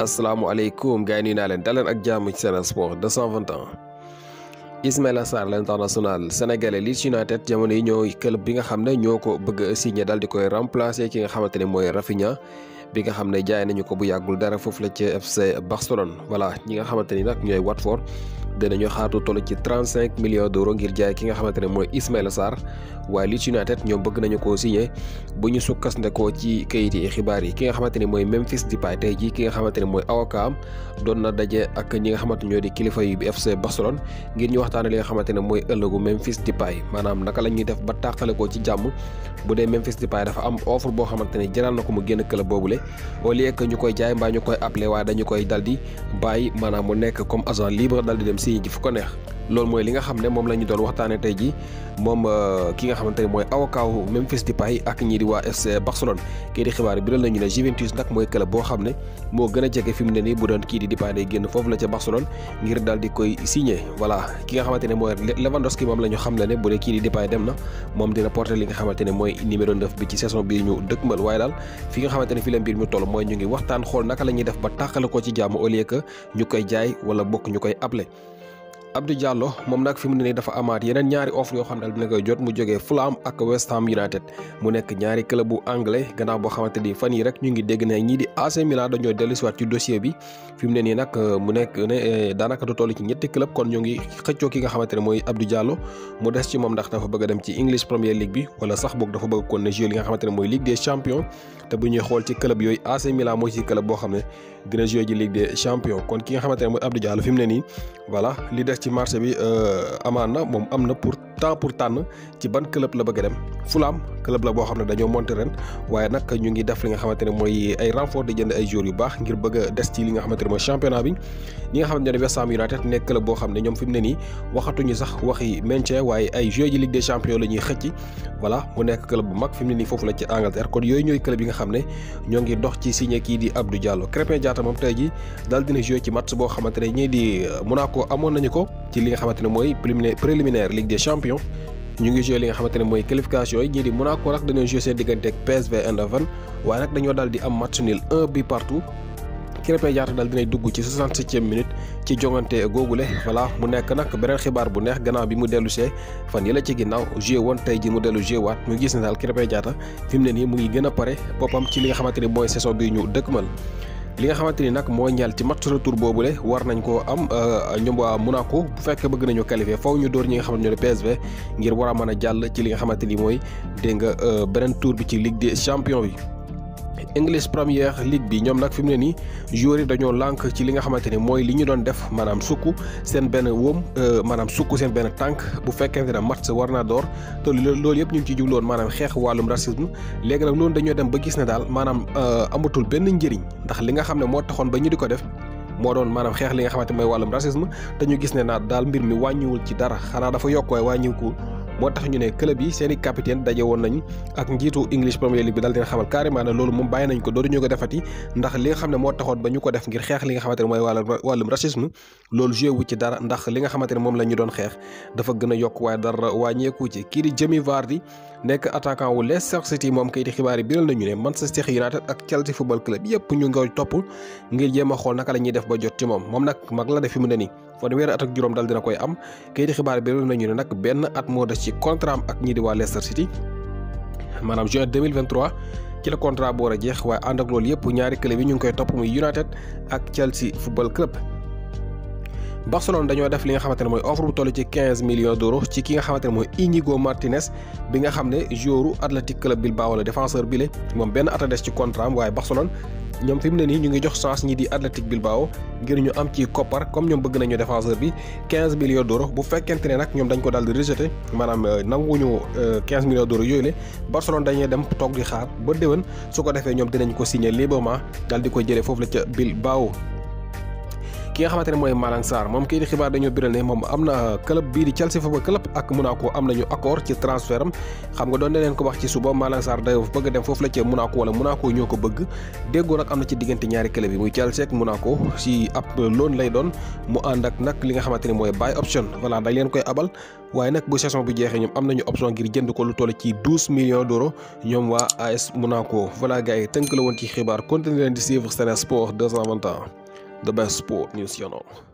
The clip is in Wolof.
asalaamualeykum gars yi naa leen daleen ak jàmm ci Sen Sports 221 Ismaïla Sarr l'international sénégalais Leeds United jamono yi ñoo club bi nga xam ne ñoo ko bëgg a signé di koy remplacer ki nga xamante ne mooy Raphinha bi nga xam ne jaay nañu ko bu yàggul dara foofu la ci FC Barcelone voilà ñi nga xamante ni nag ñooy Watford danañu xaatu toll ci 35 millions d'euros ngir jaay ki nga xamante ne mooy Ismaïla Sarr waaye Leeds United ñoom bëgg nañu ko signé bu ñu sukkandikoo ci kayit yi xibaar yi ki nga xamante ni mooy Memphis Depay tey jii ki nga xamante ne mooy avocat am doon na daje ak ñi nga xamante ñoo di kilifa yi bi FC Barcelone ngir ñu waxtaane li nga xamante ne mooy ëllëgu Memphis Depay maanaam naka la ñuy def ba taaxale ko ci jàmm bu dee Memphis Depay dafa am offre boo xamante ne jaral na ko mu génn club boobule au lieu que ñu koy jaay mbaa ñu koy appelé waaye dañu koy dal di bàyyi maanaam mu nekk comme agent libre dal di dem signé ji fu ko neex. loolu mooy li nga xam ne moom la ñu doon waxtaane tey ji moom euh, ki nga xamante ne mooy avocat wu Memphis Depay ak ñii di waa FC Barcelone kii xibaar bi biral nañu ne Juventus nag mooy club boo xam ne moo gën a jege fi mu ne nii bu doon kii di Depay day génn foofu la ca Barcelone ngir daal di koy signé voilà ki nga xamante ne mooy Lewandowski moom la ñu xam ne ne bu dee kii di Depay dem na moom dina porter li nga xamante ne mooy numéro 9 bi ci saison bii ñu dëkkmal waaye daal fi nga xamante ne fi biir mbir mi toll mooy ñu ngi waxtaan xool naka la ñuy def ba tàqale ko ci jàmm au lieu que ñu koy jaay wala bokk ñu koy appelé Abdou Diallo mom nak fimu ne dafa amat yenen ñaari offre yo xamne dal dina koy jot mu joge Fulham ak West Ham United mu nek ñaari club bu anglais gannaaw bo xamanteni fan yi rek ñu ngi deg ne ñi di AC Milan dañu delu ci dossier bi fimu ne ni nak mu nek ne eh, danaka do tollu ci ñetti club kon ñu ngi xëccio ki nga xamanteni moy Abdou Diallo mu dess ci mom ndax dafa bëgg dem ci English Premier League bi wala sax bok dafa bëgg kon ne jouer li nga xamanteni moy Ligue des Champions te bu ñuy xol ci club yoy AC Milan mo ci club bo xamne dina jouer ci Ligue des Champions kon ki nga xamanteni moy Abdou Diallo fimu ne ni voilà li dess ci marché bi euh, amaan na moom am na pour temps pour tànn ci ban club la bëgg a dem. Fulham club la boo xam ne dañoo monter ren waaye nag ñu ngi def li nga xamante ne mooy ay renfort di jënd ay joueurs yu baax ngir bëgg a des ci li nga xamante ne mooy championnat bi nga xamante ne West Ham United nekk club boo xam ne ñoom fi mu ne nii waxatuñu sax waxi maintien waaye ay joueurs yi Ligue des Champions la ñuy xëcc voilà mu fi mu ne foofu la ci Angleterre kon ñooy club nga xam ne ñoo ngi dox ci signé kii di Abdou Diallo Crépin Diatta moom tey ji daal dina joué ci match boo xamante ne ñii di Monaco amoon nañu ko li nga xamante ne mooy préliminaire Ligue des Champions ñu ngi joué li nga xamante ne mooy qualification yi ñii di Monaco nag dañoo joué seen diggante ak PSV waaye nag dañoo daal di am match nul un bi partout. Krépin Diatta dinay dugg ci 67e minute ci jongante googule voilà mu nekk nag beneen xibaar bu neex gannaaw bi mu dellu see fan yi la ci ginnaaw joué woon tey ji mu dellu joué waat ñu gis ne daal Krépin Diatta fi mu ne ni mu ngi gën a pare boppam ci li nga xamante ni mooy saison bi ñu dëkkmal li nga xamante ni nag moo ñeel ci match retour boobule war nañ ko am euh, ñoom waa Monaco bu fekkee bëgg nañu qualifier faw ñu dóor ñi nga xamante ñoo di PSV ngir war a mën a jàll ci li nga xamante ni mooy dégg nga euh, beneen tour bi ci Ligue des champions bi English Premier League bi ñoom nag fi mu ne nii joueurs yi dañoo lank ci li nga xamante ni mooy li ñu doon def maanaam sukk seen benn wóom euh, maanaam sukk seen benn tànk bu fekkente ne match war naa door te loolu yëpp ñu ngi ciy jubloon maanaam xeex wàllum racisme léegi nag loolu dañoo dem ba gis ne daal maanaam euh, amatul benn njëriñ ndax li nga xam ne moo taxoon ba ñu di ko def. moo doon maanaam xeex li nga xamante mooy wàllum racisme te ñu gis ne naa daal mbir mi wàññiwul ci dara xanaa dafa yokk waaye wàññiwul moo tax ñu ne club yi seen i capitaine daje woon nañ ak njiitu English Premier League bi daal dina xamal carrément loolu moom bàyyi nañ ko dootu ñu ko defati ndax li nga xam ne ko def ngir xeex li nga xamante ne mooy wàll wàllum racisme loolu joué wu ci ndax li nga xamante ne moom la ñu doon xeex dafa gën a yokk waaye dara wàññeeku ci kii di Jamie Vardy nekk attaquant wu Leicester City moom kayiti xibaar yi biral nañu ne Manchester United ak Chelsea football club yëpp ñu ngi topp ngir jéem a xool naka la ñuy def ba jot ci moom moom nag mag la def fi mu ne fanweeri at ak juróom dal dina koy am kayiti xibaar bi réer nañu ne nag benn at moo des ci contrat ak ñi di waa Leicester City maanaam juin 2023 ci la contrat bu war a jeex waaye ànd ak loolu yëpp ñaari club yi ñu ngi koy topp muy United ak Chelsea Football Club. Barcelone dañoo def li nga xamante ne mooy offre bu toll ci 15 millions d'euros ci ki nga xamante ne mooy Iñigo Martinez bi nga xam ne joueuru Athletic Club Bilbao la défenseur bi la moom benn at a des ci contrat am waaye Barcelone ñoom fi mu ne nii ñu ngi jox chance ñi di Athletic Bilbao ngir ñu am ci koppar comme ñoom bëgg nañu défenseur bi 15 millions d'euros bu fekkente ne nag ñoom dañ ko daal di rejeté maanaam euh, nanguwuñu 15 euh, millions d'euros yooyu la Barcelone dañuy dem toog di ba su ko defee ñoom dinañ ko signé librement daal di ko jëlee foofu la ca ki nga xamante ne mooy Malang Sarr moom kii di xibaar dañoo biral ne moom am na uh, club bii di Chelsea Football Club ak Monaco am nañu accord ci transfert xam nga doon na leen ko wax ci suba Malang Sarr day bëgg dem foofu la ca Monaco wala Monaco ñoo ko bëgg déggoo nag am na ci diggante ñaari club yi muy Chelsea ak Monaco si ab loon lay doon mu ànd ak nag li nga xamante ne mooy buy option voilà dañ leen koy abal waaye nag bu saison bi jeexee ñoom am nañu option ko lu toll ci douze ci xibaar continuer leen the best sport news channel.